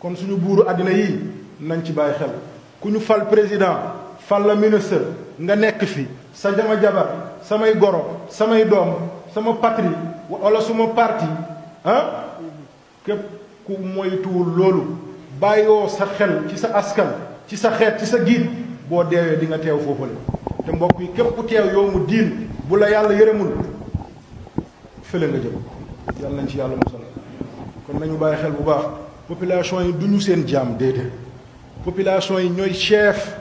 kon suñu buuru àddina yi nañ ci bàyyi xel ku ñu fal président fal la ministre nga nekk fi sa jama jabar samay goro samay doom sama patrie wala suma parti ah képp ku moytuwul loolu bàyyoo sa xel ci sa askan ci sa xeet ci sa giit boo deewee di nga teew foofale te mbokk yi képp ku teew yow mu diin bu la yàlla yërëmul fële nga jëm yàlla nañ ci yàlla musal kon nañu bàyyi xel bu baax population yi du ñu seen population yi ñoy chef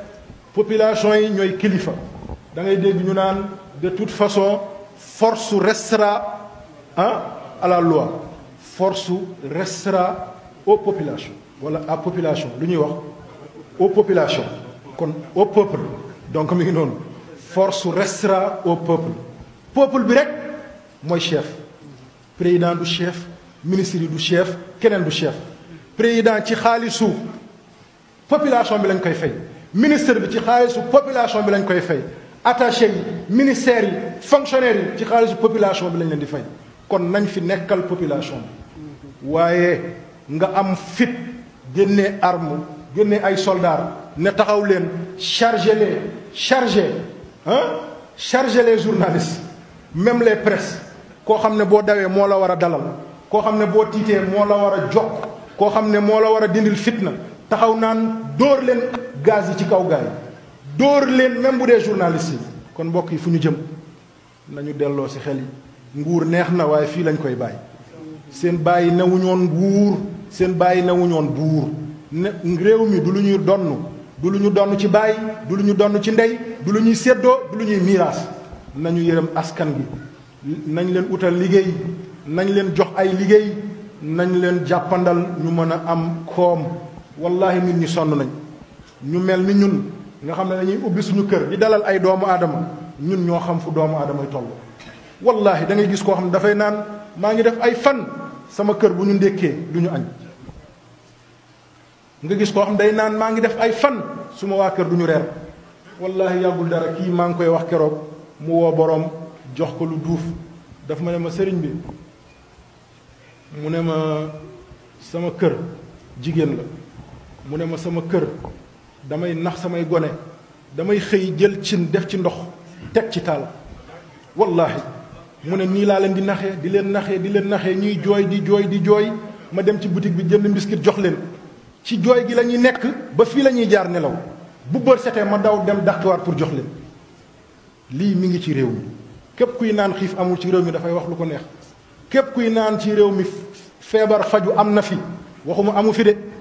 population yi ñoy kilifa da ngay dégg ñu de toute façon force restera hein, à la loi force restera aux populations Voilà, à population lu ñuy aux populations kon au peuple donc force restera au peuple peuple bi rek chef président du chef ministre du chef keneen du chef président ci xaalisu population bi lañ koy fay ministre bi ci xaalisu population bi lañ koy fay attaché yi ministères yi fonctionnaires yi ci xaalisu population bi lañ leen di fay kon nañ fi nekkal population bi waaye nga am fit génnee arme génnee ay soldats ne taxaw leen chargé les chargé hein chargé les journalistes même les presse. koo xam ne boo dawee moo la war a dalal koo xam ne boo tiitee moo la war a jokk koo xam ne moo la war a dindil fitna taxaw naan dóor leen gaz yi ci kaw gaay yi dóor leen même bu dee journaliste kon mbokk yi fu ñu jëm nañu delloo si xel yi nguur neex na waaye fii lañ koy bàyyi seen bàyyi newuñoon wuur seen bàyyi nawuñoon buur ne réew mi du lu ñuy donn du lu ñu donn ci bàyyi du lu ñu donn ci ndey du lu ñuy seddoo du lu ñuy miiraas nañu yërëm askan bi nañ leen utal liggéey nañ leen jox ay liggéey nañ leen jàppandal ñu mën a am koom wallahi nit ñi sonn nañ ñu mel ni ñun nga xam ne dañuy ubbi suñu kër di dalal ay doomu aadama ñun ñoo xam fu doomu aadamay toll wallahi dangay gis koo xam ne dafay naan maa ngi def ay fan sama kër bu ñu ndékkee du añ nga gis koo xam day naan maa ngi def ay fan su waa kër du ñu reer wallahi yàggul dara kii maa ngi koy wax keroog mu woo boroom jox ko lu duuf daf ma ne ma sëriñ bi mu ne ma sama kër jigéen la mu ne ma sama kër damay nax samay gone damay xëy jël cin def ci ndox teg ci taal wallaahi mu ne nii laa leen di naxe di leen naxee di leen naxee ñuy jooy di jooy di jooy ma dem ci boutique bi jënd mbiskit jox leen ci jooy gi la ñuy nekk ba fii lañuy jaar nelaw bu bër setee ma daw dem dàqwaar pour jox leen lii mu ngi ci réew mi képp kuy naan xiif amul ci réew mi dafay wax lu ko neex képp kuy naan ci réew mi feebar faju am na fi waxuma amu fi de